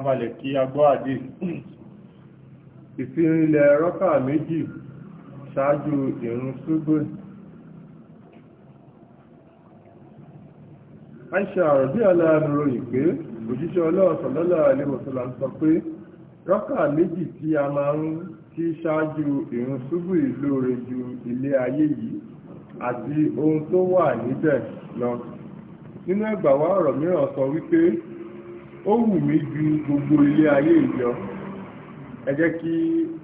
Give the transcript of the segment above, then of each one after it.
abalẹ̀ kí agbọ́ àdé ìfìrìnlẹ̀ rọ́kà méjì ṣáájú ìrun ṣúgbò Aisha àròbí aláàrùn ìpé òjíṣẹ́ ọlọ́ọ̀sọ̀lọ́lọ́ àlewòsọ́lá sọ pé rọ́kà méjì tí a máa ń kí ṣáájú ju ilé ayé yìí àti ohun tó wà níbẹ̀ lọ nínú ẹgbàwá ọ̀rọ̀ mìíràn sọ wípé ó wù mí ju gbogbo ilé ayé ìjọ ẹ jẹ́ kí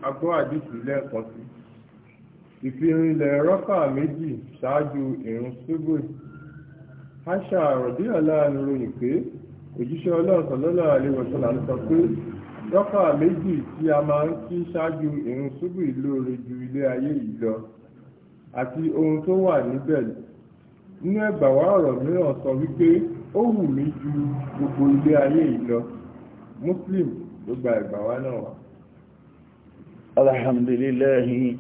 a gbọ́ àdìsí lẹ́ẹ̀kan sí ìfirinlẹ̀ rọ́kà méjì ṣáájú ìrun ṣúgbò aṣa àròdí aláàánú ròyìn pé òjíṣẹ́ ọlọ́ọ̀sọ̀lọ́lọ́ àlewọ̀sọ̀lá ń sọ pé rọ́kà méjì tí a máa ń kí ṣáájú ìrun ṣúgbò ìlóore ju ilé ayé yìí àti ohun tó wà níbẹ̀ nínú ẹgbàwá ọ̀rọ̀ mìíràn sọ wípé ó wù mí ju gbogbo ilé ayé yìí lọ muslim ló gba ìgbà wa náà wá. alhamdulillahi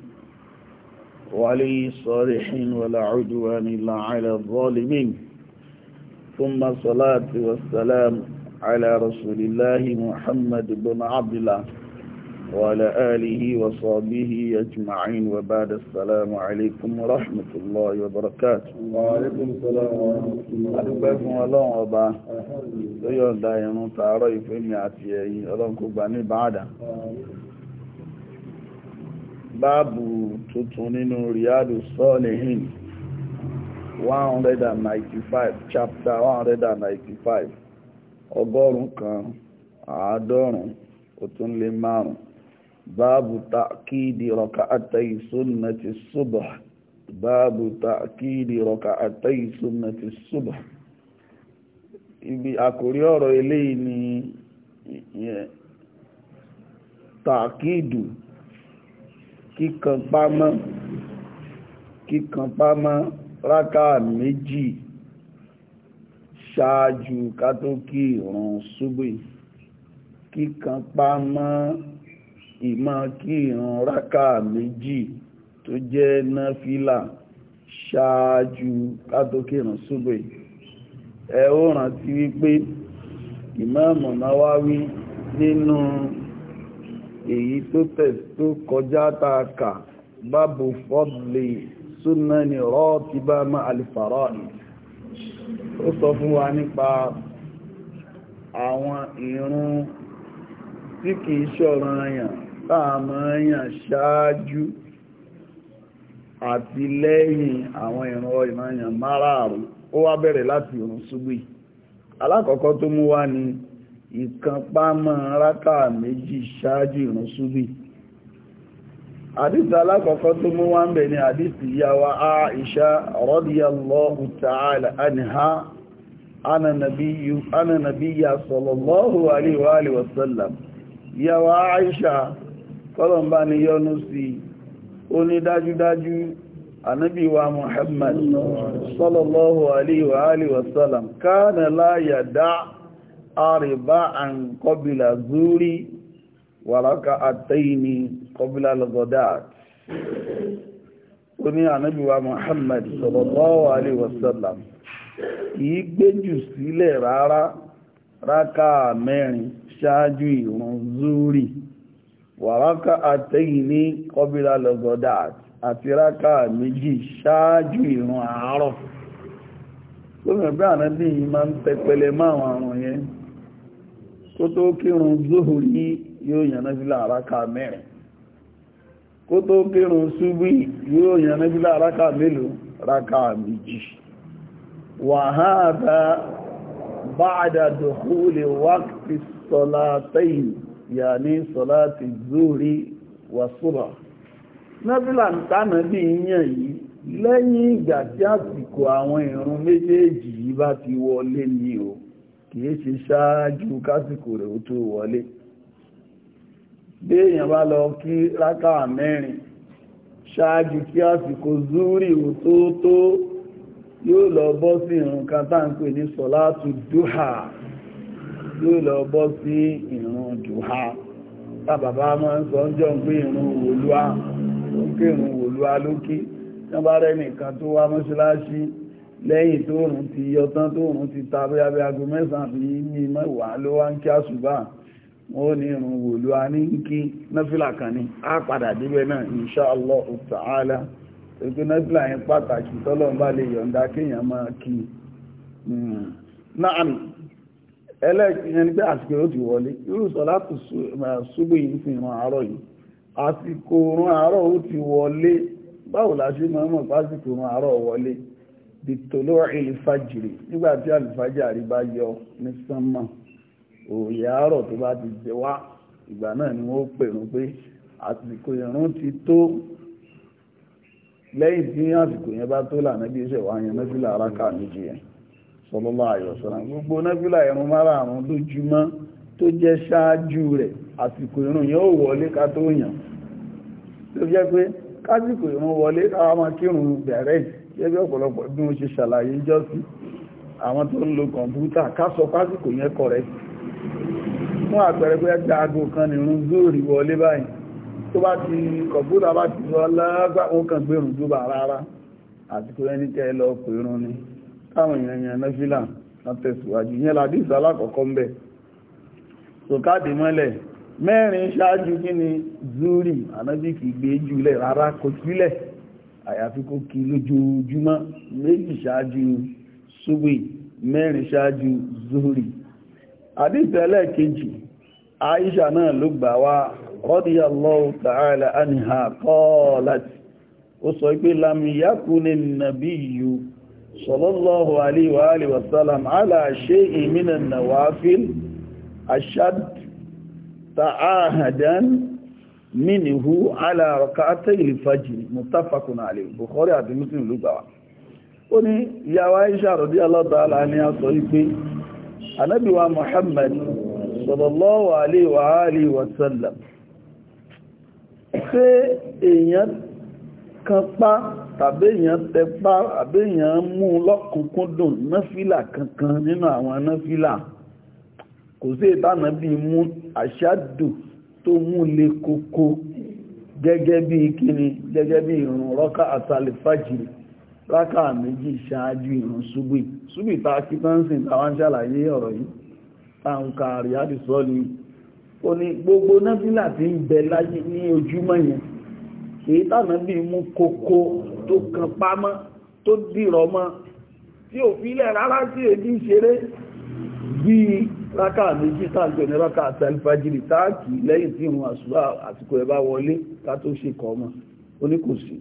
وعليه الصالحين ولا عدوان إلا على الظالمين ثم الصلاة والسلام على رسول الله محمد بن عبد الله وعلى آله وصحبه أجمعين وبعد السلام عليكم ورحمة الله وبركاته وعليكم السلام ورحمة الله أدوكم الله وبا ليون دايما تعرف إني أتيئي ألونكو بني بعدا báàbù tuntun nínú 195 chapter 195 ọgọ́rùn kan àádọ́rùn ó tún márùn باب تأكيد ركعتي سنة الصبح باب تأكيد ركعتي سنة الصبح ibi àkórí ọ̀rọ̀ eléyìí ni tàkìdù kíkan pámọ́ kíkan pámọ́ rákà méjì ṣáájú ká tó kí ìrun ṣubú kíkan pámọ́ ìmá kí ìran rákà méjì tó jẹ́ náfílà ṣáájú kátókè ìran ẹ ó rántí wípé ìmáàmù nínú èyí tó tẹ̀ kọjá tààkà bábù fọ́dlì ti bá má alìfàrọ́ ó sọ fún wa nípa àwọn tí kìí tààmọ́yàn ṣáájú àti lẹ́yìn àwọn ìran ìmọ̀yàn márààrún ó wá bẹ̀rẹ̀ láti ìrun ṣúgbì alákọ̀ọ́kọ́ tó mú wá ni ìkànpá mọ́ rákà méjì ṣáájú ìrun ṣúgbì àdìsí alákọ̀ọ́kọ́ tó mú wá bẹ̀ ni àdìsí yàwá Aisha radiyallahu ta'ala anha Aisha kọ́lọ̀mbá ni yọ́nú sí ó ní dájúdájú ànábì wa Muhammad sallallahu alaihi wa alihi wasallam kana la yada ariba an qabila zuri wa raka'ataini qabila al-ghadat ó ní ànábì wa Muhammad sallallahu alaihi wasallam kìí gbéjù sílẹ̀ rárá rákà mẹ́rin ṣáájú ìrun zuri wàrákà àtẹ́yìní kọbílá lọ́gọ́dá àti rákà méjì ṣáájú ìrun àárọ̀ lóòrùn bí ànábì yìí máa ń tẹpẹlẹ máwọn àrùn yẹn kó tó kírun zuhuri yóò yànà sí mẹ́rin kó tó yàní sọ́láti zúrí wàsúrà nábìlà tánà bí yàn yìí lẹ́yìn ìgbà tí àsìkò àwọn ìrun méjèèjì yìí bá ti wọlé ni o kìí ṣe ṣáájú kásìkò rẹ̀ ó tó wọlé béèyàn bá lọ kí rákà mẹ́rin ṣáájú kí àsìkò zúrí ò tó tó yóò lọ bọ́ sí ìrun kan ní sọ́látù dúhà yóò lọ bọ́ sí ìrun dùhá tàbàbá máa ń sọ jọ pé ìrun wòlúwá ó kérun wòlúwá lókè tán bá rẹ nìkan tó wá mọ́ṣáláṣí lẹ́yìn tó rùn ti yọtán tó rùn ti ta bí abẹ́ aago mẹ́sàn-án fi ní mẹ́wàá ló wá ń kí àṣùbà wọ́n ní ìrun wòlúwá ní kí náfìlà kan ní á padà débẹ̀ náà insha Allah ta'ala ètò yẹn pàtàkì tọ́lọ́mbà lè yọ̀ǹda kéèyàn máa kí hmm. náà ẹlẹ́ẹ̀kìyàn ní pé àsìkò yóò ti wọlé irú sọ̀lá tó ṣúgbé yìí fún ìran àárọ̀ yìí àsìkò ìran àárọ̀ ó ti wọlé báwo la ṣe máa mọ̀ pásìkò ìran àárọ̀ wọlé dìtòló ìlfàjìrì nígbà tí àlùfájàrí bá yọ ní sánmà òòyè àárọ̀ tó bá ti jẹ wá ìgbà náà ni wọ́n pèrún pé àsìkò ìrun ti tó lẹ́yìn tí àsìkò yẹn bá tó lànà bí iṣẹ́ wa yẹn mẹ́fìlà méjì yẹn sọlọ́lá àyọ̀sọ́lá gbogbo náfílà ẹ̀rùn márààrún lójúmọ́ tó jẹ́ ṣáájú rẹ̀ àsìkò ìrun yẹn ó wọlé ká tó yàn tó jẹ́ pé kásìkò ìrun wọlé káwà máa kírun bẹ̀rẹ̀ gẹ́gẹ́ ọ̀pọ̀lọpọ̀ bí wọ́n ṣe ṣàlàyé jọ́sí àwọn tó ń lo kọ̀ǹpútà ká sọ kásìkò yẹn kọ̀rẹ́ fún àpẹẹrẹ pé ẹgbẹ́ aago kan nìrun zóòrì wọlé báyìí tó bá ti kọ̀ǹpútà bá ti sọ lágbà wọn dúbà rárá àsìkò ẹni tẹ́ lọ pèrún ni táwọn èèyàn yẹn náfílà látẹ̀síwájú yẹn làdíìsì alákọ̀ọ́kọ́ ń bẹ̀ sòkáàdì mọ́lẹ̀ mẹ́rin ṣáájú kí ni zuri anábì kì gbé jùlẹ̀ rárá kò sílẹ̀ àyàfi kó kí lójoojúmọ́ méjì ṣáájú ṣúgbì mẹ́rin ṣáájú zuri aisha náà ló gbà wá sallallahu alaihi wa alihi wa sallam ala shay'in min an-nawafil ashad ta'ahadan minhu ala rak'atay al-fajr muttafaqun alayhi bukhari àti muslim ló gbà wá ó ní ìyá wa Aisha radiyallahu ta'ala ni a sọ wípé Ànábì wa Muhammad sallallahu alaihi wa alihi tàbéèyàn tẹpá àbéèyàn mú lọ́kùnkúndùn náfìlà kankan nínú àwọn náfìlà kò sí ìtànà bí mú àṣádù tó mú le koko gẹ́gẹ́ bí kíni gẹ́gẹ́ bí ìrun rọ́kà àtàlẹ́fàjìrì rákà méjì ṣáájú ìrun ṣúgbì ṣúgbì ta kítánsìn táwọn ṣàlàyé ọ̀rọ̀ yìí táwọn ka àríyádì sọ́ọ̀lì ó ní gbogbo náfìlà tí ń bẹ láyé ní ojúmọ́ yẹn èyí tànà bí mú koko tó kàn pamọ́ tó dìrọ̀ mọ́ tí ò fi ilẹ̀ rárá sí èdè ìṣeré bí rákà méjì tàbí ní rákà àtàlífàjìrì táàkì lẹ́yìn tí ìrun àṣùbà àsìkò ẹ̀ bá wọlé ká tó ṣe kọ́ mọ́ oníkòsí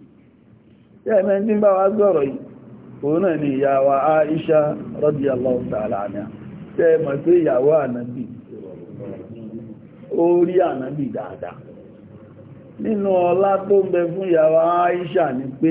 ni ìyá wa Aisha nínú ọlá tó ń bẹ fún ìyá Aisha ni pé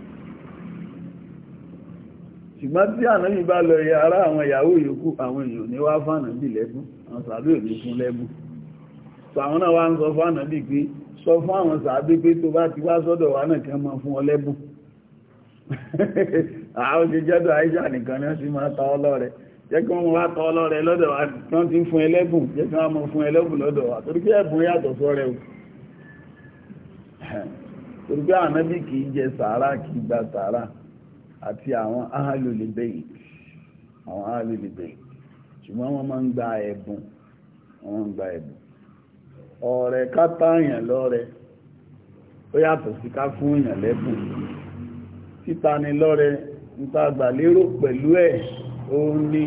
ṣùgbọ́n tí ànábì bá lọ yẹ ara àwọn ìyàwó yòókù àwọn èèyàn ní wá fànàbì lẹ́bùn àwọn sàbí ò ní fún lẹ́bùn sọ àwọn náà wá ń sọ fànàbì pé sọ fún àwọn sàbí pé tó bá ti wá sọ́dọ̀ wa náà kàn máa fún ọ lẹ́bùn àwọn ti ni wọ́n sì máa ta ọlọ́rẹ jẹ́ kí wọ́n wá ta ọlọ́rẹ lọ́dọ̀ wa wọ́n ti fún ẹlẹ́bùn jẹ́ kí wọ́n mọ fún ẹlẹ́bùn lọ́dọ̀ wa torí jẹ sàárà kì gba sàárà àti àwọn ahàlùlẹ̀bẹ̀yì àwọn ahàlùlẹ̀bẹ̀yì ṣùgbọ́n wọ́n máa ń gba ẹ̀bùn wọ́n ń gba ẹ̀bùn ọ̀rẹ́ ká tààyàn lọ́rẹ ó yàtọ̀ sí ká fún èèyàn lẹ́bùn títa ni lọ́rẹ níta gbà lérò pẹ̀lú ẹ̀ òun ni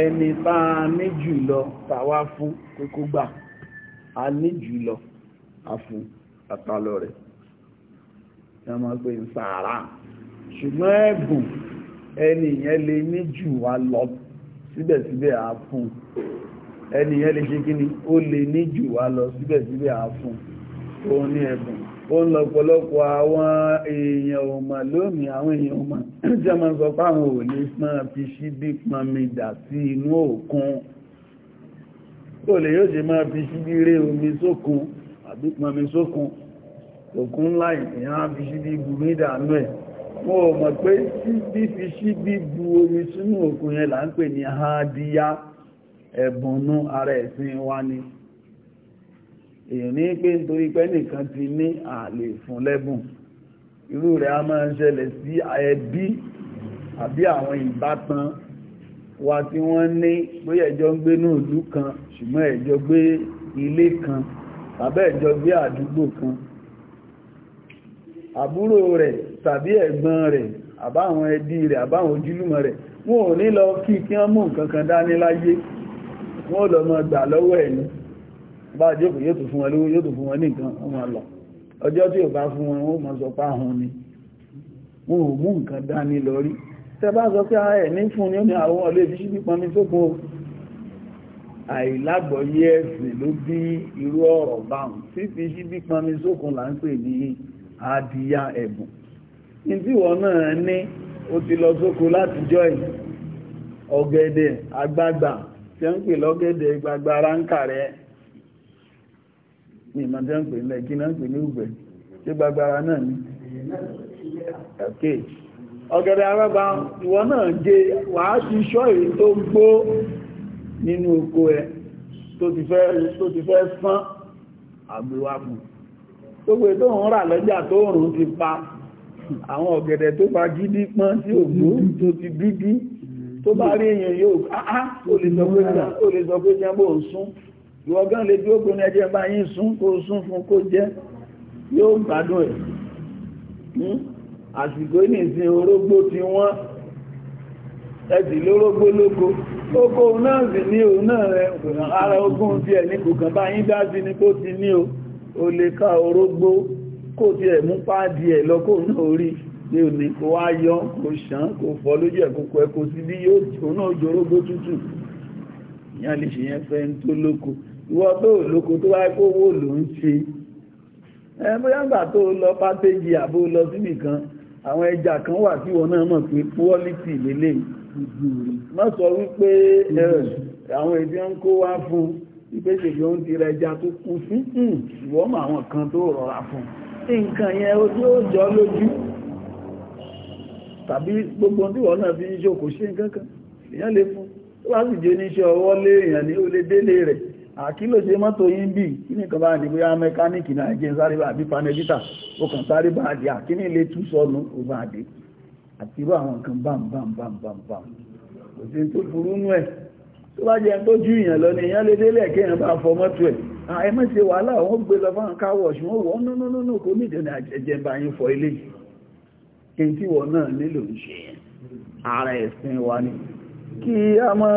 ẹni tá a ní jùlọ tàwa fún kókó gbà a ní jùlọ a fún ẹ máa pè ń sàárà ṣùgbọ́n ẹ̀bùn ẹni yẹn lè ní jù wá lọ síbẹ̀síbẹ̀ a fún ẹni yẹn lè ṣe kí ni ó lè ní jù wá lọ síbẹ̀síbẹ̀ a fún òun ní ẹ̀bùn ó ń lọ́pọ̀lọpọ̀ àwọn èèyàn ọmọ lónìí àwọn èèyàn ọmọ tí a máa sọ páwọn ò lè máa fi ṣíbí pọnmi dà sí inú òkun ó lè yóò ṣe máa fi ṣíbí ré omi sókun àbí pọnmi sókun òkun láì èèyàn á fi ṣíbí bùmí dànù ẹ̀ wọn ò mọ̀ pé síbí fi síbí bu omi sínú òkun yẹn là ń pè ní àádíyá ẹ̀bùnnú ara ẹ̀sìn wa ni èèyàn ní pé nítorí pé nìkan ti ní àlè fún lẹ́bùn irú rẹ̀ a máa ń ṣẹlẹ̀ sí ẹbí àbí àwọn ìbátan wa tí wọ́n ní bóyá ẹjọ́ ń gbé ní ìlú kan ṣùgbọ́n ẹjọ́ gbé ilé kan tàbí ẹjọ́ gbé àdúgbò kan àbúrò rẹ̀ tàbí ẹ̀gbọ́n rẹ̀ àbáwọn ẹbí rẹ̀ àbáwọn ojúlùmọ̀ rẹ̀ wọn ò ní lọ kí kí wọ́n mú nǹkan kan dání láyé wọn ò lọ mọ gbà lọ́wọ́ ẹ̀ ní bá jókòó yóò tún fún wọn lówó yóò tún fún wọn ní nǹkan wọn máa lọ ọjọ́ tí ò bá fún wọn ó máa sọ pé ahun ni wọn ò mú nǹkan dání lọ rí tẹ bá sọ pé ẹ̀ ní fún ni ó ní àwọn ọlẹ́ ìfiṣí pípọn mi sókun o ẹ̀bùn ní tí wọ́n náà ní ó ti lọ sóko láti jọ́ ẹ̀ ọ̀gẹ̀dẹ̀ àgbagbà tí ń pè lọ́gẹ̀dẹ̀ gbagba ránkà rẹ̀ ní ìmọ̀ tí ń pè lẹ́ kí náà pè ní ìgbẹ̀ tí gbagbara náà ní ọ̀gẹ̀dẹ̀ arábá ìwọ náà gé wàá ti ṣọ́ èyí tó gbó nínú oko ẹ tó ti fẹ́ sán àgbèwàpù gbogbo ètò òun rà lọ́jà tó òrùn ti pa àwọn ọ̀gẹ̀dẹ̀ tó bá gidi pọ́n tí ò gbó tó ti gidi tó bá rí èèyàn yóò áá ah, ó ah, lè sọ pé mm. jẹ́mbò ń sún ìwọ̀gán lè bí ó kún ẹjẹ́ bá yín sún kó sún fún kó jẹ́ yóò gbádùn ẹ̀ hmm? àsìkò ní ìsìn orógbó tí wọ́n ẹ̀sì lórógbó lóko lóko náà sì ní o náà rẹ̀ ara ogún tí ẹ̀ ní kò kàn bá yín dá sí ni kó ti ní o lè ká orógbó kó ti ẹ̀ mú páàdì ẹ̀ lọ kó náà orí ní òní kó wá yọ́ kó ṣán kó fọ́ lójú ẹ̀ kókó ẹ̀ kó sí bí yóò náà jorógbó tútù ìyá lè ṣe yẹn fẹ́ ń tó lóko ìwọ tó lóko tó wáyé kó wò ló ń ṣe ẹ bóyá ń gbà tó lọ pátéjì àbó lọ sí nìkan àwọn ẹja kan wà tí wọn náà mọ̀ pé pọ́lítì lélẹ̀ má sọ wípé àwọn èdè ń kó wá fún ìpèsè ìjọ ń tira ẹja tó kún fún hmm, ìwọ́mọ̀ àwọn kan tó rọra fún un nǹkan yẹn ojú ó jọ lójú tàbí gbogbo tí wọ́n náà fi ń ṣòkò ṣe nǹkankan èyàn lè fún tó bá sì jẹ́ oníṣẹ́ ọwọ́ lé èyàn ní ó lè délé rẹ̀ àkí ló ṣe mọ́tò yín bí kí ní kan bá ní mẹ́káníkì náà sáré bá bí panẹ́gítà ó kàn sáré bá dé àkí ní ilé tú sọnù ó bá àti irú àwọn nǹkan bam bam bam bam bam kò sí tó burú nú ẹ̀ tó bá jẹ́ tó ju ìyàn lọ ni èyàn lè délé ẹ̀kẹ́ èyàn bá fọ mọ́tò ẹ̀ Ah, ẹ má ṣe wàhálà wọ́n gbé lọ fáwọn káwọ̀ ṣùgbọ́n wọ́n nánánánà kò ní ìdẹ̀nà àjẹjẹmbà yín fọ ilé yìí tí wọ́n náà nílò ń ṣe ara ẹ̀sìn wa ni kí a mọ́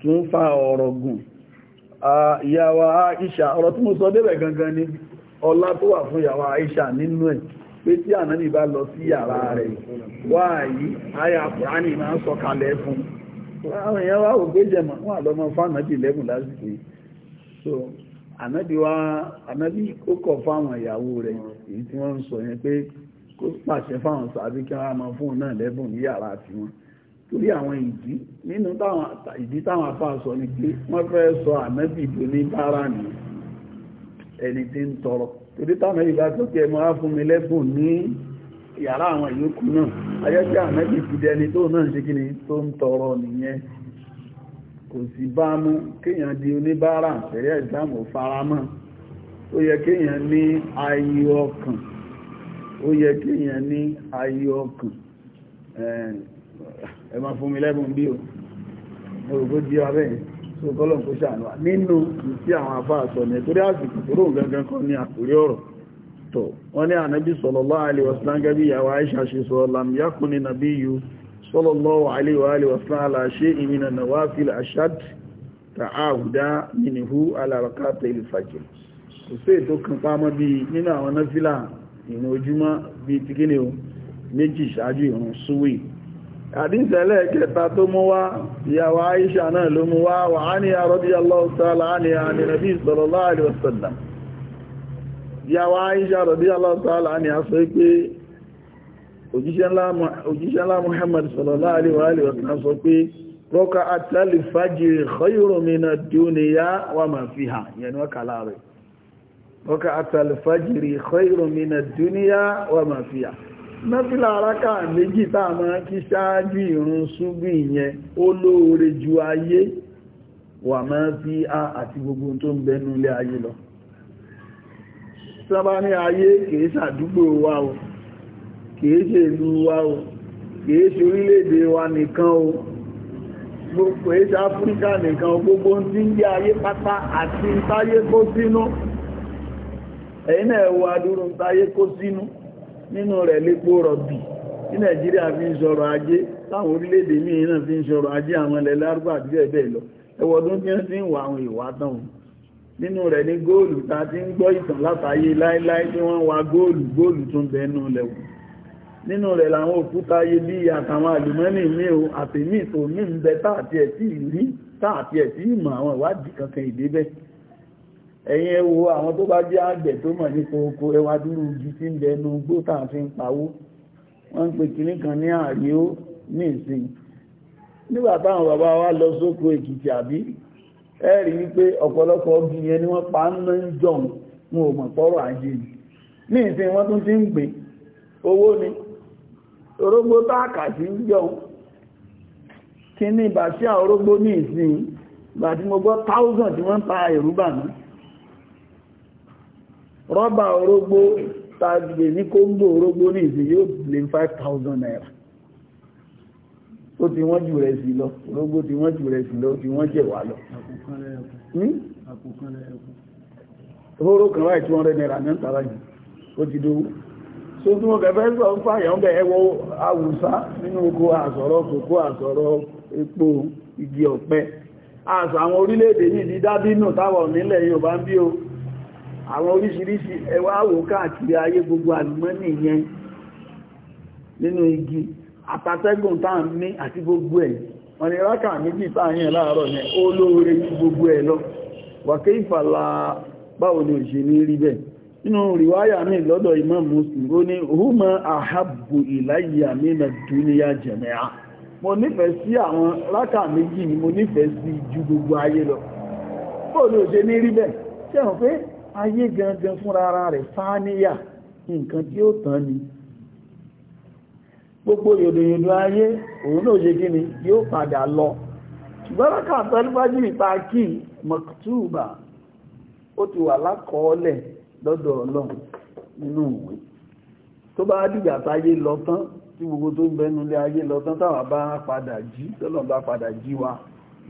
tún fa ọ̀rọ̀ gùn ìyàwó Aisha ọ̀rọ̀ tí mo sọ débẹ̀ gangan ni ọlá tó wà fún ìyàwó Aisha nínú ẹ̀ pé tí ànábì bá lọ sí yàrá rẹ̀ wáyìí àyà Kùránì máa ń sọ̀kalẹ̀ fún àwọn èèyàn wá ògbéjẹmọ̀ wọn àlọ́mọ fánàbì lẹ́gùn lásìkò yìí so ànábì wá ànábì ó kọ̀ fáwọn ìyàwó rẹ̀ èyí tí wọ́n ń sọ yẹn pé kó pàṣẹ fáwọn sàbí kí wọ́n á máa fún un náà lẹ́bùn ní yàrá tiwọn torí àwọn ìdí nínú ìdí táwọn afá sọ ni pé wọ́n fẹ́ sọ ànábì tó ní bára ní ẹni tí ń tọrọ torí táwọn ẹ̀yìn bá tókè ẹ̀ máa fún mi lẹ́bùn ní yàrá àwọn ìyókù náà ayọ́kẹ́ ànábì ti dẹni tó náà ṣe kí ni tó ń tọrọ nìyẹn kò sí bámú kéèyàn di oníbàárà ṣẹ̀rẹ́ ìsìlámù faramọ́ ó yẹ kéèyàn ní ayé ọkàn ó yẹ kéèyàn ní ayé ọkàn ẹ ma fún mi lẹ́bùn bí o mo rò kó jí tó kọ́lọ̀ kó ṣàánú nínú tí àwọn afá torí àsìkò tó gangan kan ní àkórí ọ̀rọ̀ tó wọ́n ní ànábì sallallahu alaihi wasallam ìyàwó صلى الله عليه وآله وسلم على شيء من النوافل أشد تعاودا منه على ركعة الفجر kò sí ètò kan pàmọ́ bí nínú àwọn náfílà ìrìn ojúmọ́ bí ti gíní o méjì ṣáájú ìrun súwì àdínsẹ̀lẹ̀ kẹta tó mú wá ìyàwó Aisha náà ló mú wá wà á ní radiyallahu ta'ala anha òjíṣẹ́ ńlá Muhammad sallallahu alaihi wa sallam sọ pé rọ́kà àtàlì fàjìrì khayrun minad dunya wa ma fiha yẹnu ọkàlá rẹ̀ rọ́kà àtàlì fàjìrì khayrun minad dunya wa ma fiha náfílà aráká méjì táà máa kí ṣáájú ìrun ṣúgbì yẹn ó lóore ju ayé wà máa fi á àti gbogbo tó ń bẹnu ilé ayé lọ sábà ní ayé kìí ṣàdúgbò wa o kìí ṣe ìlú wa o kìí ṣe orílẹ̀-èdè wa nìkan o gbogbo èṣà áfíríkà nìkan gbogbo ń tí ń yé ayé pátá àti ń táyé kó sínú ẹ̀yìn náà wà dúró ń táyé kó sínú nínú rẹ̀ lépo rọ̀bì ní nàìjíríà fi ń sọ̀rọ̀ ajé láwọn orílẹ̀-èdè míì náà fi ń sọ̀rọ̀ ajé àwọn ilẹ̀ lárúgbà àti bẹ́ẹ̀ bẹ́ẹ̀ lọ ẹwọ́dún tí ó ti ń wà àwọn ìwátàn nínú rẹ̀ ní góòlù ta ti ń gbọ́ ìtàn látàyé láíláí tí wọ́n wa góòlù góòlù tún bẹ́ẹ̀ lẹ́wọ̀n nínú rẹ̀ làwọn òkúta iyebíye àtàwọn àlùmọ́nì míì o àtèmí tó ní ń bẹ táàtì ẹ̀ tí rí táàtì ẹ̀ tí ìmọ̀ àwọn ìwádìí kankan ìdébẹ̀ ẹ̀yin ẹ wo àwọn tó bá jẹ́ àgbẹ̀ tó mọ̀ nípa oko ẹwà dúró igi tí ń bẹ ẹnu gbó tá pawó wọ́n ń pe kinní kan ní ààrí ó ní ìsìn nígbà táwọn bàbá wa lọ sóko èkìtì àbí ẹ rí wípé ọ̀pọ̀lọpọ̀ ọgbìn yẹn ni wọ́n pa ń ná ń jọ̀hún wọn ò mọ̀ pọ́rọ̀ ajé ni ní ìsìn wọ́n tún ti ń gbìn owó ni orógbó táàkà sí ń jọ kí ní ìbà sí àorógbó ní ìsìn ìgbà tí mo gbọ́ 1000 tí wọ́n ta èrúbà ní rọ́bà orógbó tàbí ní kóngbò orógbó ní ìsìn yóò lè 5000 naira ó ti wọ́n jù rẹ̀ sí lọ orógbó ti wọ́n jù rẹ̀ sí lọ ti wọ́n jẹ̀ wá lọ hmm? ó ti dówó tó tí wọ́n kẹfẹ́ sọ ń fàyàn bẹ̀ ẹwọ awùsá nínú oko àsọ̀rọ̀ kòkó àsọ̀rọ̀ epo igi ọ̀pẹ àṣà àwọn orílẹ̀-èdè ní ìdí dábínù táwọn nílẹ̀ Yorùbá ń bí o àwọn oríṣiríṣi ẹwà àwò káàkiri ayé gbogbo àlùmọ́nì yẹn nínú igi àtàtẹ́gùn táà ń ní àti gbogbo ẹ̀ wọ́n ni rákà méjì táà yẹn láàárọ̀ yẹn ó lóore ju gbogbo ẹ̀ lọ wàkẹ́ báwo ni òṣèlú bẹ́ẹ̀ nínú rìwáyà mi lọ́dọ̀ Imam Muslim ó ní huma ahabbu ilayya mina dúníyà jami'a mo nífẹ̀ẹ́ sí àwọn rákà méjì ni mo nífẹ̀ẹ́ sí ju gbogbo ayé lọ bóòlù òṣè ní rí bẹ́ẹ̀ ṣe hàn pé ayé gangan fúnra ara rẹ̀ fáníyà nǹkan tí ó tán ni gbogbo yòdòyòdò ayé òun náà ṣe kí ni yóò padà lọ ṣùgbọ́n rákà pẹ́lú ìta kí mọ̀túùbà ó ti wà lákọọ́lẹ̀ lọ́dọ̀ ọlọ́run nínú ìwé tó bá dìgbà táyé lọ tán tí gbogbo tó ń bẹnu lé ayé lọ tán táwa bá padà jí tọ́lọ̀ bá padà jí wa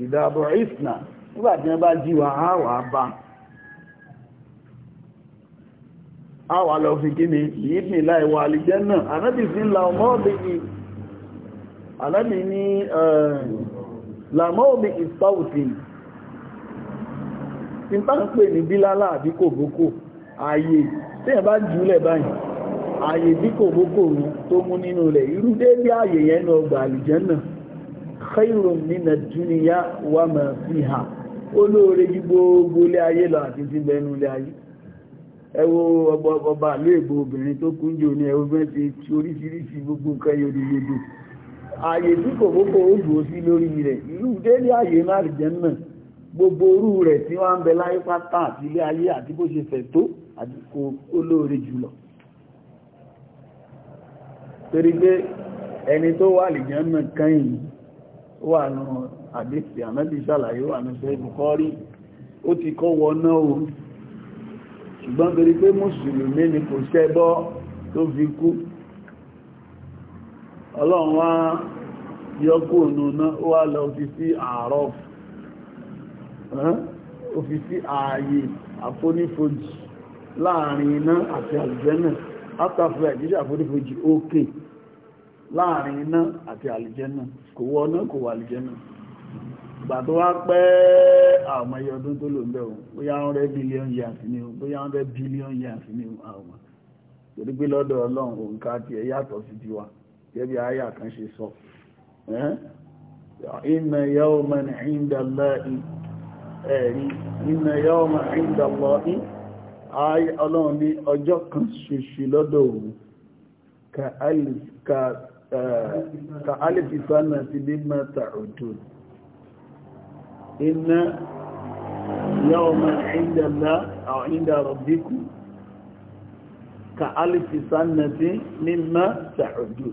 ìdáàbọ̀ ìsìnà nígbà tí wọ́n bá jí wa á wà bá á wà lọ fi kíni yìí fi láì wà àlìjẹ́ náà ànábì fi ń la ọmọ ọ̀bẹ̀yìn ànábì ní làmọ́ òbí ìsáwùtì tí ń bá ní bílálà àbí kòbókò ààyè tí ẹ̀ bá jùlẹ̀ báyìí ààyè bí kò bókò rú tó mú nínú rẹ̀ irú dédé ààyè yẹn ní ọgbà àlìjẹ́nà khairun nínà dúníyà wà mọ̀ sí ha olóore ju gbogbo ilé ayé lọ àti ti bẹnu ilé ayé ẹ wo ọba àlú ègbò obìnrin tó kúnjò ní ẹwọ bẹ́ẹ̀ ti ti oríṣiríṣi gbogbo nǹkan yòdò yòdò ààyè kò bókò ó dùn sí lórí rẹ̀ irú dédé ààyè ní àlìjẹ́nà gbogbo orú rẹ̀ tí wọ́n ń bẹ láyé pátá àti ilé ayé àti bó ṣe fẹ̀ tó àdìkò olóore jùlọ torí pé ẹni tó wà lìjẹ́ náà kan yìí wà nù àdìsí ànábì ṣàlàyé wà nù sọ ìbùkọ́rí ó ti kọ́ wọná o ṣùgbọ́n torí pé mùsùlùmí ni kò ṣẹbọ tó fi kú ọlọ́run wá yọkú ònú náà ó wá lọ fi sí àárọ̀ ó fi sí ààyè àfonífojì láàrin iná àti àlìjẹ́nà afterfare jíjà forífojì ókè láàrin iná àti àlìjẹ́nà kò wọ ọ̀nà kò wà àlìjẹ́nà ìgbà tó wá pẹ́ àwọn ẹyọ ọdún tó lò ń bẹ̀ o bóyá 100 billion years ni o bóyá 100 billion years ni o inna yawman 'inda Allahi ẹ̀rí inna yawman 'inda Allahi ayé ọlọ́run ní ọjọ́ kan ṣoṣo lọ́dọ̀ òun ka alifisa náà ti bí mẹ́ta òjò iná yọ́ọ̀mọ̀ ìdàlá àwọn ìdàrọ̀bíkù ka alifisa náà ti ní mẹ́ta òjò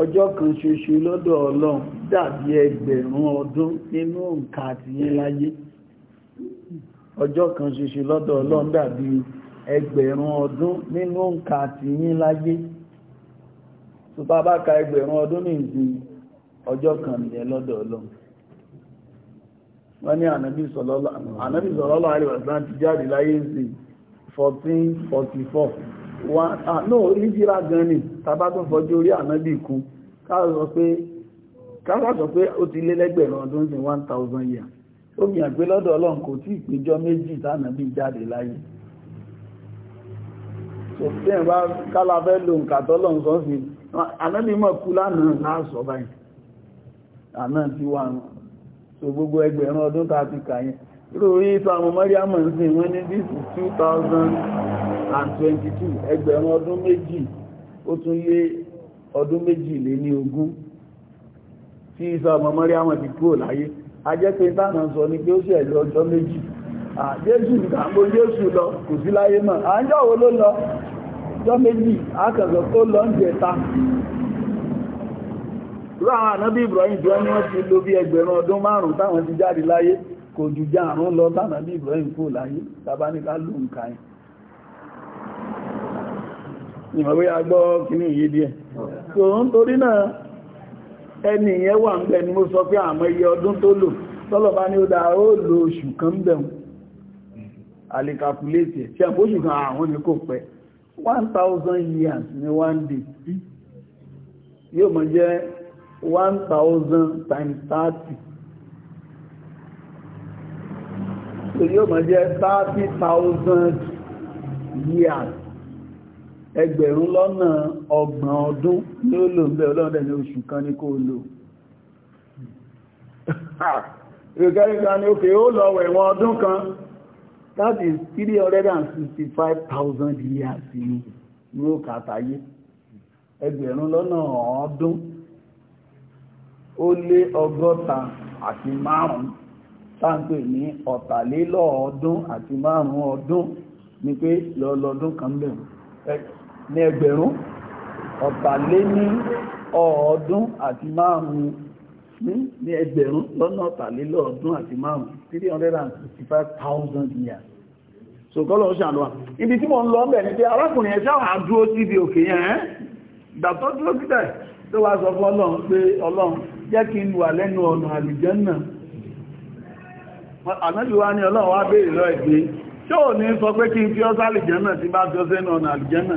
ọjọ́ kan ṣoṣo lọ́dọ̀ ọlọ́run dàbí ẹgbẹ̀rún ọdún nínú nǹkan àtìyìn láyé ọjọ́ kan ṣoṣo lọ́dọ̀ ọlọ́run dàbí ẹgbẹ̀rún ọdún nínú òǹkà àti yín láyé tó bá bá ka ẹgbẹ̀rún ọdún ní ìsìn ọjọ́ kan nìyẹn lọ́dọ̀ ọlọ́run wọ́n ní ànábì sọ̀lọ́lọ́ àríwàsá ti jáde láyé sí 1444 ah, no ìjírá gan ni tàbá tó fọjú orí ànábì kún ká sọ pé ó ti lé lẹ́gbẹ̀rún ọdún sí 1000 years ó fi hàn pé lọ́dọ̀ ọlọ́run kò tí ìpéjọ méjì tánà bí jáde láyé sọ̀tẹ́ ìbá kálàfẹ́ lò ń kàtọ́lọ̀ ń sí ànábì mọ̀ kú lánàá láàsọ báyìí so gbogbo ẹgbẹ̀rún ọdún tá a ti kà yẹn lórí ìtàmù mọ́ríàmọ̀ ń sìn wọ́n ní bíìsì 2022 ẹgbẹ̀rún ọdún méjì ó tún lé ọdún méjì lé ní ogún tí ìsọ ọmọ mọ́ríàmọ̀ ti kúrò láyé ajẹ́pẹ́ báwọn sọ ní pé ó ṣẹ̀ lọ ọjọ́ méjì jésù ìgbàgbó jésù lọ kò sí láyé mọ́ à ń jọ́wọ́ ló lọ ọjọ́ méjì akẹ̀sọ̀ tó lọ ń jẹta ànábí Ibrahim bí wọ́n ti lò bí ẹgbẹ̀rún ọdún márùn-ún táwọn ti jáde láyé kò jù Ibrahim láyé ẹni yẹn wà ń bẹ̀ ni mo sọ pé àmọ́ iye ọdún tó lò tọ́lọ̀bá ní ó dá ó lò oṣù kan bẹ̀rún alìkàkùlétì ẹ̀ tí a bóṣù kan àwọn ah, ní kò pẹ́ 1000 years ni one day yóò mọ̀ jẹ́ 1000 times 30 so yóò mọ̀ jẹ́ 30,000 years ẹgbẹ̀rún lọ́nà ọgbọ̀n ọdún ní ó lò ń bẹ́ ọlọ́dẹ̀ ní oṣù kan ní kó lò ìgbẹ̀rẹ̀gbà ni òkè ó lọ wẹ̀wọ̀n ọdún kan that is 365,000 years ní ó kàtàyé ẹgbẹ̀rún lọ́nà ọdún ó lé ọgọ́ta àti márùn-ún táǹpè ní ọ̀tàlélọ́ọ̀ọ́dún àti márùn-ún ọdún ni pé lọ́lọ́dún kan bẹ̀rẹ̀ ní ẹgbẹ̀rún ọ̀tàléní ọ̀ọ́dún àti márùn-ún ní ẹgbẹ̀rún lọ́nà ọ̀tàlélọ́ọ̀dún àti márùn-ún 365,000 years so kọ́lọ̀ ó ṣàlọ́wà ibi tí mo ń lọ ọ́bẹ̀ ní pé arákùnrin ẹ̀ṣẹ́ àwọn àdúró sí ibi òkè yẹn ẹ́ ìgbàtọ́ dúró títẹ̀ tó wá sọ fún ọlọ́run pé ọlọ́run jẹ́ kí n wà lẹ́nu ọ̀nà àlìjẹ́nà ànájúwá ní ọlọ́run wá béèrè lọ ìgbé ṣó ní sọ pé kí n fi ọ́ sálìjẹ́nà tí bá fi ọ́ sẹ́nu ọ̀nà àlìjẹ́nà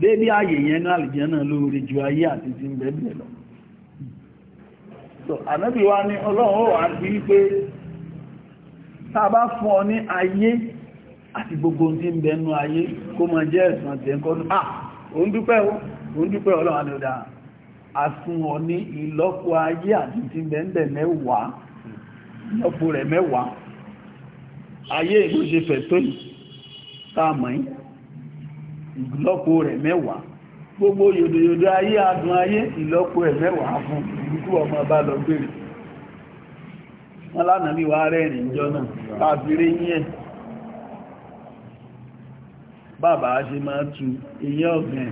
dédé ààyè yẹn ní àlìjẹ́ náà lóore ju ayé àti ti ń bẹ̀bẹ̀ lọ so ànábì wa ní ọlọ́run wà pé ta bá fún ọ ní ayé àti gbogbo tí ń bẹnu ayé kó ma jẹ́ ẹ̀sán tẹ́ ń kọ́nú ah dúpẹ́ a fún ọ ní ayé àti ìlọ́po rẹ̀ mẹ́wàá gbogbo yòdòyòdò ayé adùn ayé ìlọ́po ẹ̀ mẹ́wàá fún ìdíkú ọmọ bá lọ gbèrè wọ́n lánàá bí wà rẹ̀rìn jọ náà tàbírí yẹn bàbá ṣe máa tu iye ọ̀gbẹ̀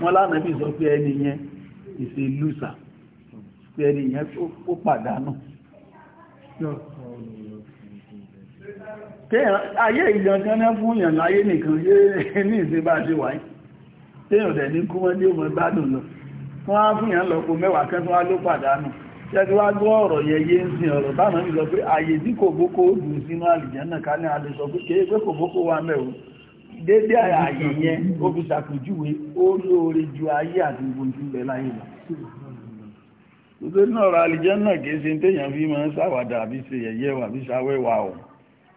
wọ́n lánàá bí sọ pé ẹni yẹn lùsà pé ẹni yẹn pàdánù ayé ìjọkan náà fún èèyàn láyé nìkan yé ní ìsinbá ṣe wáyé téèyàn dẹ̀ ní kú mọ́dé ọmọ ìgbádùn lọ wọ́n á fún èèyàn lọ́pọ̀ mẹ́wàá kẹ́ tó wá ló pàdánù tẹ́tí wá gbọ́ ọ̀rọ̀ yẹ yé ń sin ọ̀rọ̀ bá mọ́mí sọ pé ayé tí kò bókó dùn sínú àlìjẹ́nà ká ní alẹ́ sọ pé kéré pé kò bókó wa mẹ́wò dédé ààyè yẹn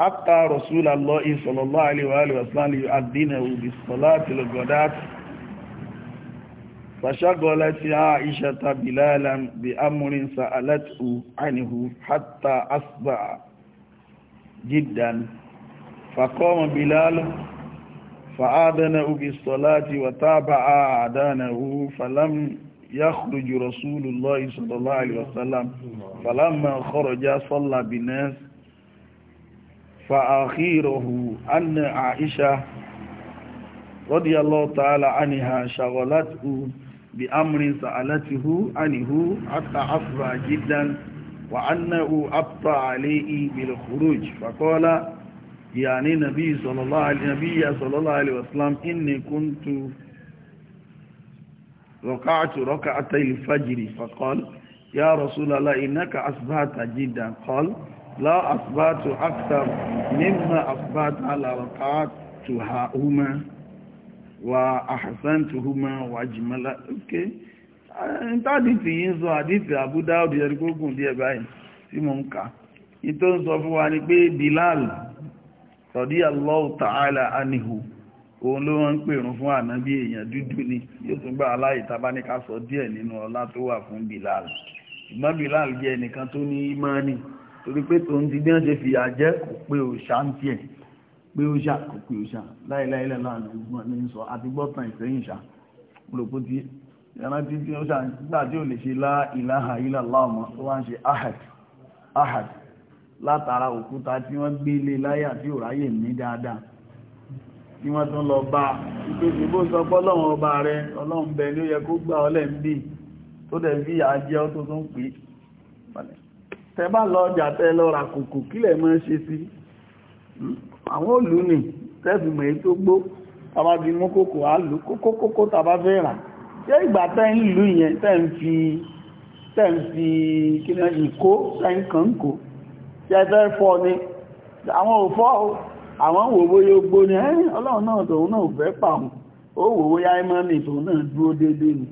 hatta Rasulullah sallallahu alaihi wa sallam yu'adhdhinahu bis-salati al-ghadat فشغلت عائشة بلالا بأمر سألته عنه حتى أصبع جدا فقام بلال فآذنه بالصلاة وتابع آذانه فلم يخرج رسول الله صلى الله عليه وسلم فلما خرج صلى بالناس فأخيره أن عائشة رضي الله تعالى عنها شغلته بأمر سألته عنه حتى أصبع جدا وأنه أبطى عليه بالخروج فقال يعني نبي صلى الله عليه صلى الله عليه وسلم إني كنت ركعت ركعتي الفجر فقال يا رسول الله إنك أصبحت جدا قال لا أثبات أكثر مما أثبات على ركعتهما وأحسنتهما وأجمل أوكي nta àdìtì yìí ń sọ àdìtì àbúdá òdì ẹ̀ríkógún díẹ̀ báyìí tí mo ń kà ní tó ń sọ fún wa ni pé Bilal sọ̀dí Allah ta'ala anihu òun ló wọ́n ń pèrún fún ànábí èèyàn dúdú ni yóò tún gbà aláì tabaníkà sọ díẹ̀ nínú ọlá tó wà fún Bilal ìgbọ́n Bilal jẹ́ ẹnìkan tó ní ìmánì torí pé tó ń ti bí wọ́n ṣe fìyà jẹ kò pé òṣà ń tiẹ̀ pé òṣà kò pé òṣà láìláì lẹ́láàrin ìgbọ́n ní sọ àti gbọ́tàn ìsẹ́yìn ṣá olùkó tí ìrántí tí ó ṣàgbà tí ó lè ṣe lá ìlàhà ìlàlá ọmọ tó wá ń ṣe ahad ahad látara òkúta tí wọ́n gbé lé láyà tí ò ráyè ní dáadáa tí wọ́n tún lọ bá ipé tí bó sọ pọ́ lọ́wọ́ ọba rẹ ọlọ́run bẹ ló yẹ kó gbà tẹ bá lọ ọjà tẹ lọ ra kòkò kílẹ̀ mọ́ ṣe sí hmm? àwọn òlú nì tẹ́fìmọ̀ èyí tó gbó tàbá bí mú kòkò á lù kókókókó tàbá fẹ́ rà ṣé ìgbà tẹ́ ń lù yẹn tẹ́ ń fi tẹ́ ń fi kíná ìkó tẹ́ ń kàn kò ṣe fẹ́ fọ́ ni àwọn ò fọ́ àwọn wò bóyá ó gbó ni ọlọ́run náà tòun náà ò fẹ́ pàwọn ó wò bóyá ẹ mọ́ni tòun náà dúró déédéé ni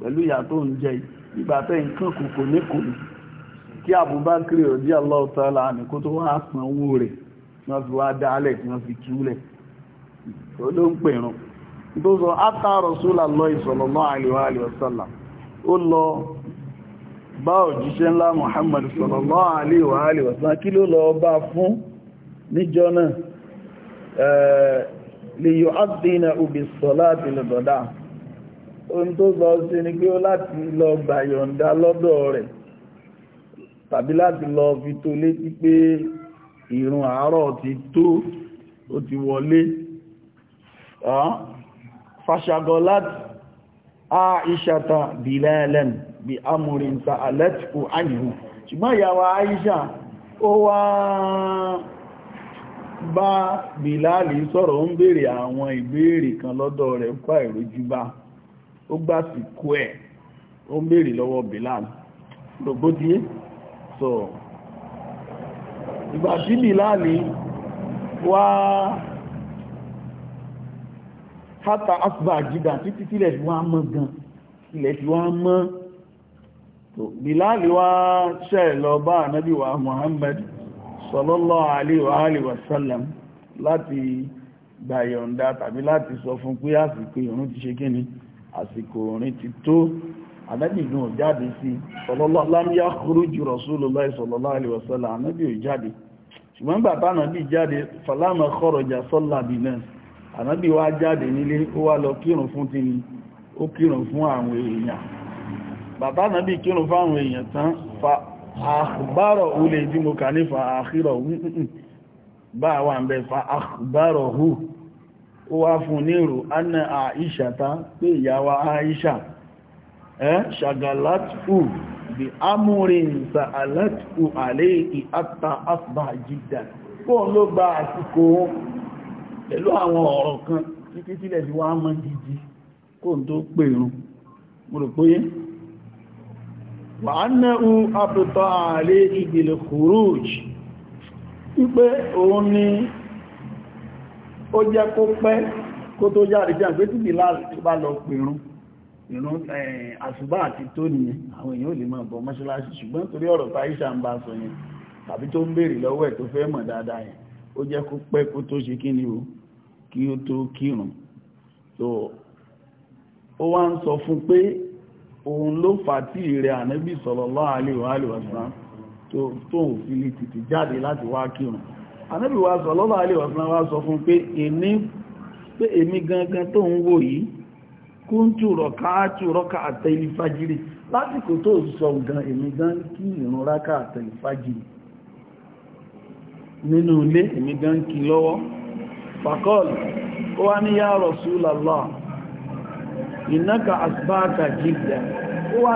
pẹ̀lú ìyà tó ń jẹ ìgbà tẹ́ ń kòkò ní kò kí Abubakar rọ̀dí Allahu ta'ala ní kó tó wá san owó rẹ̀ wọ́n fi wá dálẹ̀ tí wọ́n fi túlẹ̀ ló ń pèrún tó sọ átà Rasulullah sallallahu alaihi wa sallam ó lọ bá òjíṣẹ́ ńlá Muhammad sallallahu alaihi wa sallam kí ló lọ bá fún níjọ́ náà lè tàbí láti lọ fi tó létí pé ìrun àárọ̀ ti tó ó ti wọlé fàṣàgọ́láti àìṣàtà bìlẹ́ẹ̀lẹ́n bí amúrinta alẹ́tìkò àìhù ṣùgbọ́n ìyàwó àìṣà ó wá bá bìláàlì sọ̀rọ̀ ń béèrè àwọn ìbéèrè kan lọ́dọ̀ rẹ̀ kọ́ ìrójúbá ó gbá sí kú ẹ̀ ó ń béèrè lọ́wọ́ bìláàlì rògbódíé so ìgbà tí bìláàlì wá hátà asùgbà àjídà títí tílẹ̀ fi wá mọ́ gan ilẹ̀ fi wá mọ́ so bìláàlì wá ṣẹ̀ lọ bá ànábì wa Muhammad sallallahu alaihi wa sallam láti gba yọ̀ǹda tàbí láti sọ fún pé àsìkò ìrun ti ṣe kíni àsìkò ìrun ti tó ànábì gan ò jáde sí sallallahu lam yakhruju rasulullahi sallallahu alaihi wasallam ànábì ò jáde ṣùgbọ́n gbà tá ànábì jáde falamma kharaja salla bin-nas ànábì wá jáde nílé ó wá lọ kírun fún ti ni ó kírun fún àwọn èèyàn bàbá ànábì kírun fún àwọn èèyàn tán fa àbárọ̀ olè tí mo kà ní fa àkírọ̀ bá wà ń bẹ fa àbárọ̀ ṣàgàlátù bí amúrin sàálátù àlé ìhátà asbà jìdà fóòn ló gba àsìkò pẹ̀lú àwọn ọ̀rọ̀ kan títí sílẹ̀ sí wá mọ́ dìdí kó n tó pèrún mo rò pé wà náà àpẹtọ̀ àlé ìgbìlẹ̀ kòrój ìrún àṣùbá àti tó nìyẹn àwọn èèyàn ò lè máa bọ̀ mọ́ṣáláṣí ṣùgbọ́n torí ọ̀rọ̀ táyíṣà ń bá sọ yẹn tàbí tó ń béèrè lọ́wọ́ ẹ̀ tó fẹ́ mọ̀ dáadáa yẹn ó jẹ́ kó pẹ́ kó tó ṣe kí ni o kí ó tó kírun so ó wá ń sọ fún pé òun ló fà tí ìrẹ ànábì sallallahu alaihi wasallam tó sallallahu alaihi wasallam wá sọ fún pé èmi gangan tóun wò yìí kúntù rọ̀ká átù ati àtẹ́lì fájírì lásìkò tó sọ gan èmi gan kí ìrun ráká àtẹ́lì fájírì nínú ilé èmi gan kí lọ́wọ́ fàkọ́ọ̀lù ó wá ní yá inaka ìnáka asbáàkà jìdà ó wá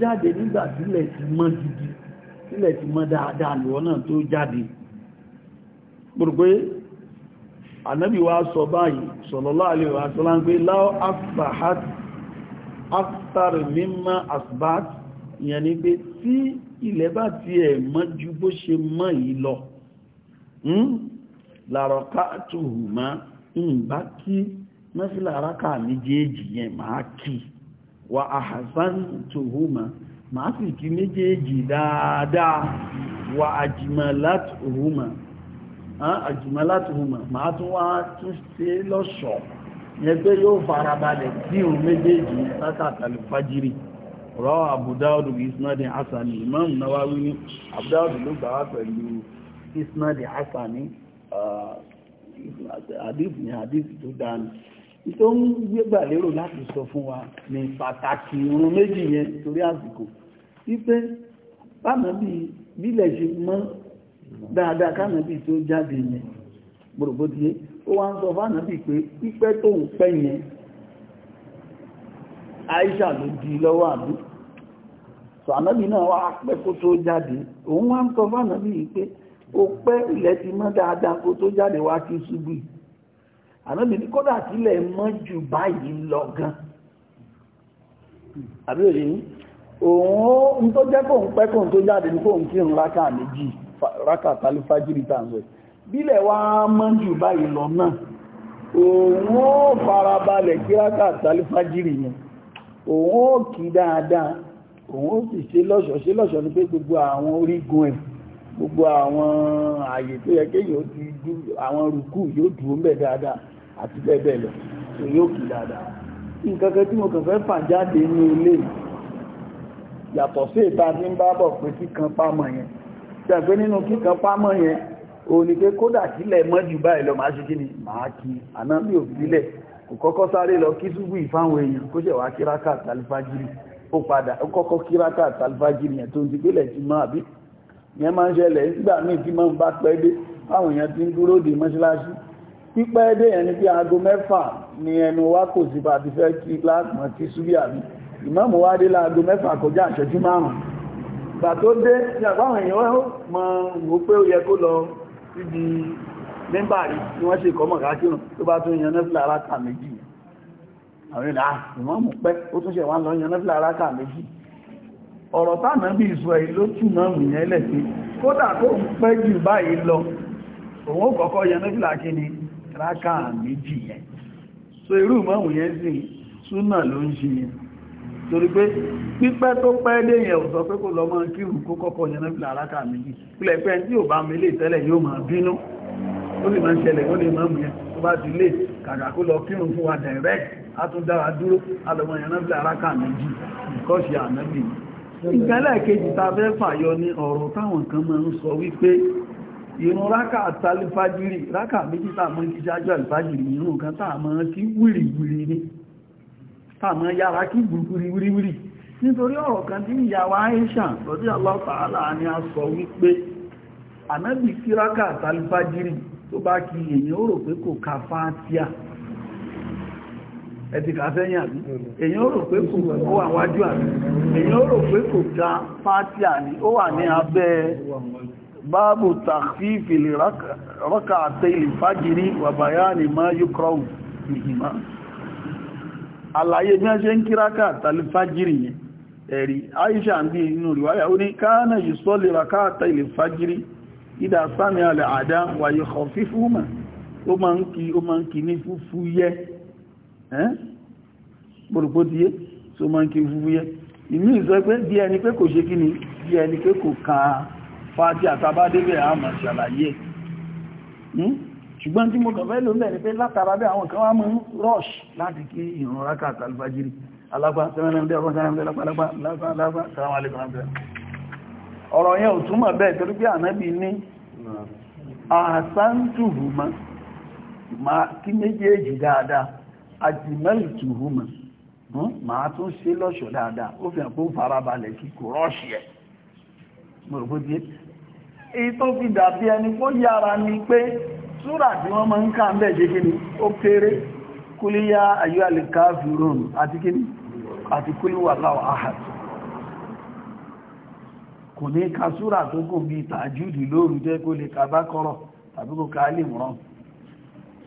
jáde ti gidi ti jáde ànábì wa sọ báyìí sallallahu alaihi wa sallam pé láọ́ afbahat aftar mimma asbat ìyẹn ni pé tí ilẹ̀ bá ti ẹ̀ mọ́ ju bó ṣe mọ́ yìí lọ làrọ̀ká tùhùmá ń bá kí nọ́fílà aráka méjèèjì yẹn máa kí wa àhàsán tùhùmá máa sì kí méjèèjì dáadáa wa àjìmọ̀lá tùhùmá àjùmọ́ láti hùmọ̀ máa tún wá tún ṣe lọ́ṣọ̀ọ́ yẹn pé yóò farabalẹ̀ tí òun méjèèjì látàtàlù fájírì rọ́ àbúdáwọ̀dù isnadi hasani imam nawawi ní àbúdáwọ̀dù ló gbà wá pẹ̀lú isnadi hasani hadith ní hadith tó dáni tó ń gbégbà lérò láti sọ fún wa ní pàtàkì irun méjì yẹn torí àsìkò wípé bánà bíi bílẹ̀ ṣe mọ́ dáadáa kánàbì tó jáde yẹn gbòrògbòdìyẹ ó wá ń sọ fánàbì pé pípẹ́ tó ń pẹ́ yẹn Aisha ló di lọ́wọ́ àbú sọ ànábì náà wá pẹ́ kó tó jáde òun wá ń sọ fánàbì pé ó pẹ́ ilẹ̀ ti mọ́ dáadáa kó tó jáde wá kí ṣubú ní mọ́ jù báyìí lọ gan àbí òyìn òun ó ń rákàtà alifájírì tàǹsọ̀ bílẹ̀ wá mọ́ jù báyìí lọ náà òun ó farabalẹ̀ kí rákàtà alifájírì yẹn òun ó kí dáadáa òun ó sì ṣe lọ́ṣọ̀ ṣe lọ́ṣọ̀ ní pé gbogbo àwọn orígun ẹ̀ gbogbo àwọn àyè tó yẹ kéèyàn ó ti dú àwọn rùkú yóò dúró ńbẹ̀ dáadáa àti bẹ́ẹ̀ bẹ́ẹ̀ lọ tó yóò kí dáadáa nǹkan kan tí mo kàn fẹ́ fà jáde ní ilé yàtọ̀ sí ìta tí ń bá bọ̀ pé kíkan pámọ̀ yẹn ṣẹ̀fẹ́ nínú kíkan pámọ́ yẹn o ní pé kódà sílẹ̀ mọ́jú báyìí lọ máa ṣe kí ni máa kí ànábì ò sílẹ̀ kò kọ́kọ́ sáré lọ kí súbù ìfáwọn èèyàn kó ṣẹ̀wá kíráká tàlífàjírì ó padà ó kọ́kọ́ kíráká tàlífàjírì yẹn tó dé fáwọn ni bí aago mẹ́fà ni ẹnu wa kò sí bá ti fẹ́ kí láàmú ti súbì àbí ìmáàmù àṣẹjú márùn-ún ìgbà tó dé ní àbáwọn èèyàn mọ̀ wò pé ó yẹ kó lọ síbi mẹ́mbà rí tí wọ́n ṣe kọmọ̀ káàkiri tó bá tún yan nẹ́fìlà aráka méjì àwọn ìlà ìwọ́n mú pẹ́ ó tún ṣe wá lọ yan nẹ́fìlà aráka méjì ọ̀rọ̀ tánà bí ìsọ èyí ló túnà mù yẹn lẹ́sí kódà tó ń pẹ́ jù báyìí lọ òun ó kọ́kọ́ yan nẹ́fìlà kíni aráka méjì yẹn so irú mọ́mù yẹn sì súnà ló ń ṣe yẹn torí pé pípẹ́ tó pẹ́ dé yẹn ò sọ pé kò lọ máa kírù kó kọ́kọ́ yẹn náà lárákà méjì pílẹ̀ pẹ́ tí ò bá mẹ́lẹ̀ tẹ́lẹ̀ yóò máa bínú ó lè máa ṣẹlẹ̀ ó lè máa mú yẹn tó bá ti lè kàkà kó lọ kírù fún wa direct á tún dára dúró alọ́mọ yẹn náà lárákà méjì ìkọ́ṣe ànábì ìgbẹ́lẹ̀ kejì ta fẹ́ fàyọ ní ọ̀rọ̀ táwọn kan máa ń sọ wípé ìrun rákà àtàlífàjìrì rákà méjì tá a máa ń kí ṣáájú àlífàjìrì kan tá a máa ń kí wìrìwìrì ni tàmọ́ yára kí gburugburu wíríwírí nítorí ọ̀rọ̀ kan tí ìyàwó Aisha lọ́dí Allah ni a sọ wípé ànábì kíráka àtàlífàjírí tó bá kí èyàn ó rò pé kò ka fátíà ẹ̀tì èyàn ó rò pé kò wà wájú àbí ó wà ní abẹ́ tàfífì àlàyé bí wọ́n ṣe ń kíráka tàlífàjírì yẹn ẹ̀rí Aisha ń bí inú ríwáyà ó ní káánà yìí sọ lè ra káàtà ilẹ̀ fàjírì ìdá sámi alẹ̀ àdá wàyí kọ̀ fífúmà ó máa ń kí ó máa ń kí ní fúfú yẹ pòròpótíyé tó máa ń kí fúfú ṣùgbọ́n tí mo kàn fẹ́ ló mẹ́rin pé látara bí àwọn kan wá mú rush láti kí ìrun rákàtà alfajiri alágbá sẹ́rẹ́lẹ́mdẹ́ ọ̀rọ̀ sẹ́rẹ́lẹ́mdẹ́ lápálápá lápálápá sàrámà alẹ́kọ̀ọ́lẹ́mdẹ́ ọ̀rọ̀ yẹn ò túmọ̀ bẹ́ẹ̀ torí pé ànábì ma kí méjèèjì dáadáa àjìmẹ́lìtùhùmá hm, máa tún ṣe lọ́ṣọ̀ dáadáa ó fi hàn pé ó farabalẹ̀ kí kò rọ́ọ̀ṣì súrà tí wọ́n máa ń ká ń bẹ̀ẹ́ jẹ́ ó kéré kúlíyà ayú al-kafirun àti kíni àti kò ní ka súrà tó kò bí tàjúdì lóòrù jẹ́ kó lè ka Bákọ́rọ̀ tàbí kó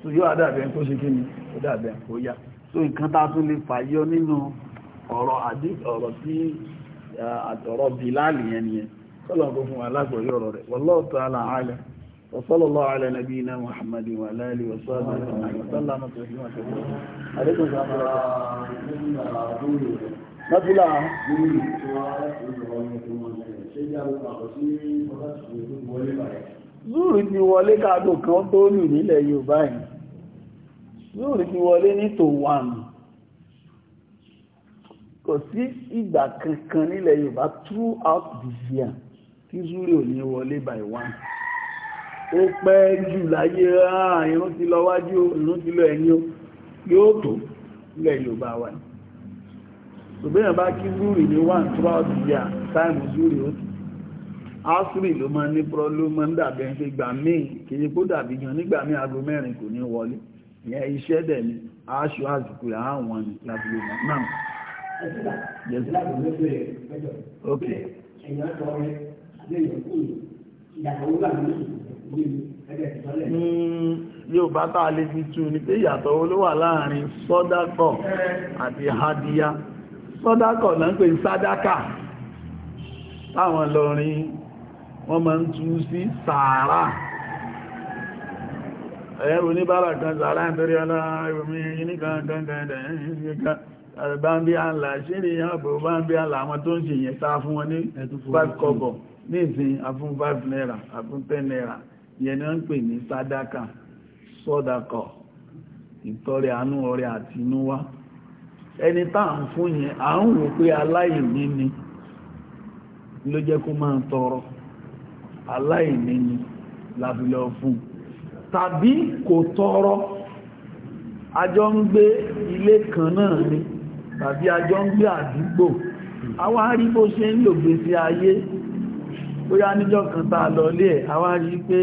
so yóò àdàbẹ̀ tó ṣe kíni ó dàbẹ̀ kó yá so nǹkan tá tún lè fàyọ nínú ọ̀rọ̀ àdí ọ̀rọ̀ tí àtọ̀rọ̀ Bilal yẹn nìyẹn kọ́lọ̀ fún wa lágbòóyọ̀ وصلى الله على نبينا محمد وعلى اله وصحبه وسلم تسليما كثيرا عليكم السلام Nọ́tílà Zúrù ti wọlé káàdò kan tó lù nílẹ̀ Yorùbá yìí. Zúrù ti wọlé ní tò wàmù. Kò sí ìgbà kankan nílẹ̀ Yorùbá throughout the year tí Zúrù ò ní wọlé by one ó pẹ́ jù láyé ah, ráà ti lọ wájú irun ti lọ ẹ̀yìn yóò tó ilẹ̀ Yorùbá wà ní ṣùgbẹ́yàn bá kí zúrì ní one throughout the year time zúrì ó ti asiri ló máa ní pọ́ ló máa ń dàbí ẹni pé gbà míì kìí kó dàbí gan nígbà míì aago mẹ́rin kò ní wọlé ìyẹn iṣẹ́ dẹ̀ ni aṣọ àsìkò àwọn ni láti lè máa náà. Okay yóò bá tàà lè fi tú ní pé ìyàtọ̀ ló wà láàrin sọ́dákọ̀ àti hadiya sọ́dákọ̀ náà pè sádákà táwọn lọrin wọ́n máa ń tú sí sàárà ẹ̀rù oníbára kan sàárà ń tẹ́rẹ aláàrẹ̀mí nìkan gangan ẹ̀yìn ní ìsìn àfún 5 naira àfún 10 naira yẹn náà ń pè ní sádàkà sọ́dàkọ̀ ìtọrẹ àánú ọrẹ àtinúwá ẹni tá ń fún yẹn à ń wò pé aláìní ni ló jẹ́ kó máa tọrọ aláìní ni láti lọ tàbí kò tọrọ àjọ ń gbé ilé kan náà ni tàbí àjọ ń gbé àdúgbò se arí bó ṣe ń lògbèsí ayé bóyá níjọ́ kan tá lọ lé ẹ̀ a wá rí pé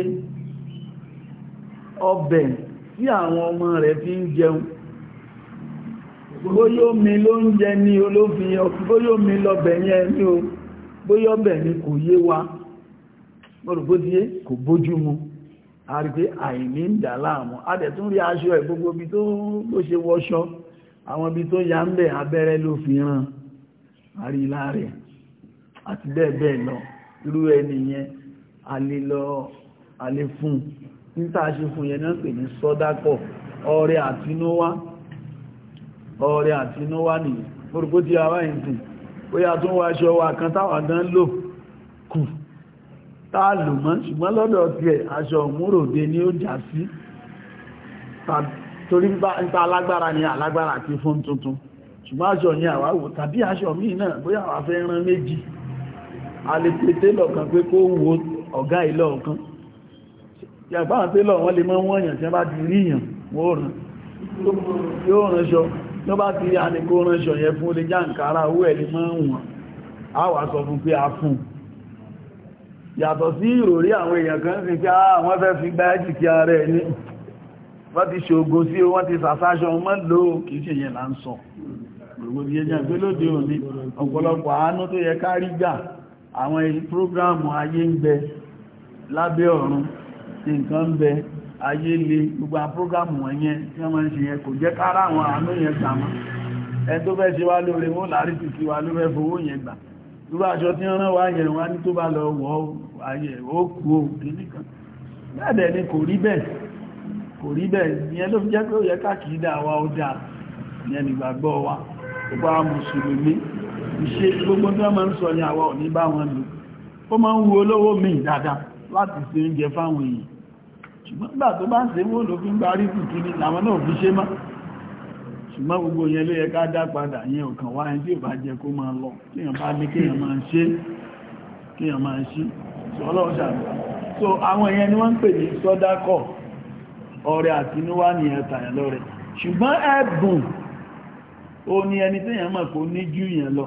ọbẹ̀ tí àwọn ọmọ rẹ̀ fi ń jẹun bóyá omi ló ń jẹ ní olófin bóyá omi lọ́bẹ̀ yẹn ní o bóyá ni kò yé wa mọ́rùgbódíé kò bójú mu a rí pé àìní ń dà láàmú a rí aṣọ ẹ̀ gbogbo ibi tó ló bẹ́ẹ̀ bẹ́ẹ̀ lọ irú ẹni yẹn alélọ́ aléfún níta ṣe fún yẹn náà pè ní sọ́dákọ̀ ọrẹ àtinúwá ọrẹ àtinúwá ni orúkú tí a wáyé tì ó yà tún wá aṣọ wa kan táwà dán lò kù táà lò mọ́ ṣùgbọ́n lọ́dọ̀ ti ẹ̀ aṣọ òmúròdé ni ó jà sí torí ń ta alágbára ni alágbára àti fún tuntun ṣùgbọ́n aṣọ yẹn àwáwò tàbí aṣọ míì náà bóyá àwa rán méjì alẹ́pẹ̀tẹ́ lọ̀kan pé kó wo ọ̀gá ilọ̀ ọ̀kan yàgbá àti lọ wọ́n lè mọ́ wọ́n yàn tí wọ́n bá ti rí yàn wọ́n rán yóò ránṣọ tó bá ti àníkó ránṣọ yẹn fún olè jàǹkárá owó ẹ̀ lè mọ́ wọ́n a wà sọ fún pé a fún yàtọ̀ sí ìròrí àwọn èèyàn kan sí pé àwọn ah, fẹ́ fi gbá ẹ̀jì kí ara ẹni wọ́n ti ṣògo sí wọ́n ti sàsáṣọ mọ́ lò kìí ṣe yẹn là ń sọ gbogbo ìyẹn jẹ́ pé lóde òní ọ̀pọ̀lọpọ̀ àánú tó yẹ ká rí gbà àwọn prógrámù ayé ń bẹ lábẹ́ ọ̀run nǹkan ń bẹ ayé lè gbogbo àwọn prógrámù wọ̀nyẹn tí wọ́n máa ń ṣe yẹn kò jẹ́ kára àwọn àánú yẹn sàmọ́ ẹ tó fẹ́ ṣe wá lóore wọ́n láàrí tìtì wá ló fẹ́ fowó yẹn gbà gbogbo àṣọ tí ni kò rí bẹ́ẹ̀ kò wa ó dà ìyẹn nígbàgbọ́ wa gbogbo ìṣe gbogbo tí wọ́n máa ń sọ ní àwa ò ní bá wọn lò ó máa ń wo olówó mi dáadáa láti ṣe oúnjẹ fáwọn èèyàn ṣùgbọ́n nígbà tó bá ń ṣe wọ́n ló fi ń gbárí kùtù ní làwọn náà fi ṣe má ṣùgbọ́n gbogbo yẹn ló yẹ ká dá padà yẹn ò wá ẹni tí ò bá jẹ kó máa lọ kéèyàn bá ní kéèyàn máa ṣe kéèyàn máa ṣe sọ ṣàgbà so àwọn èèyàn ni wọ́n ń pè ní sọ́dákọ̀ ọrẹ àtinúwá ní ẹ̀ta ẹ̀ lọ́rẹ̀ ṣùgbọ́n ẹ̀bùn ó ní ẹni tí èèyàn mọ̀ kó ní jù yẹn lọ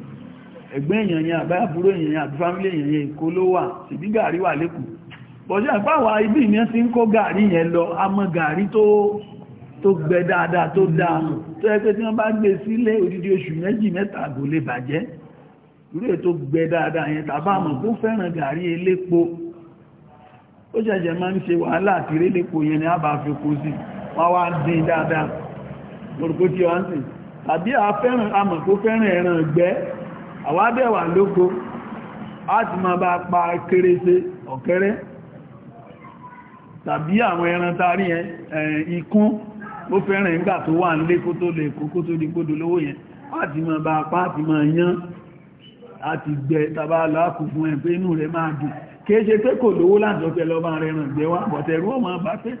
ẹ̀gbẹ́ èèyàn yẹn àbáyà búrò èèyàn yẹn àbí fámílì èèyàn yẹn Èkó ló wà ṣèbí gàrí wà lẹ́kùn bọ̀ṣẹ́ àpáwà ibi ìyẹn ti ń kó gàrí yẹn lọ amọ́ gàrí tó gbẹ dáadáa tó dáa tó yẹ pé tí wọ́n bá gbé sílé odidi oṣù méjì mẹ́ta kò lè bàjẹ́ irú ètò gbẹ dáadáa yẹn tàbá mọ̀ kó fẹ́ràn gàrí elépo ó tàbí a fẹ́ràn amọ̀ kó fẹ́ràn ẹran gbẹ́ àwádẹ́wà lóko láti máa bá pa kérése ọ̀kẹ́rẹ́ tàbí àwọn ẹran tarí eh, ikún ó fẹ́ràn ìgbà tó wà nílé kó tó lè kó kó tó di gbódò lówó yẹn láti máa bá pa àti máa yán àti gbẹ tàbá aláàkù fún ẹ̀ pé inú rẹ̀ máa dùn kìí ṣe pé kò lówó láti ọ̀fẹ́ lọ bá rẹran gbẹ́wà bọ̀tẹ̀rú ọmọ bá pé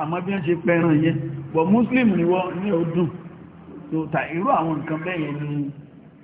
àmọ́ bí wọ́n ṣe pẹran yẹn bọ̀ muslim ni wọ́n ní ó dùn so tà irú àwọn nǹkan bẹ́yẹn ni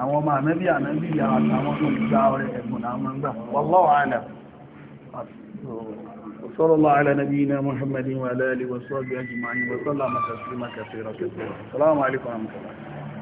àwọn ọmọ ọrẹ وصلى الله على نبينا محمد وعلى اله وصحبه اجمعين وسلم تسليما كثيرا كثيرا السلام عليكم ورحمه الله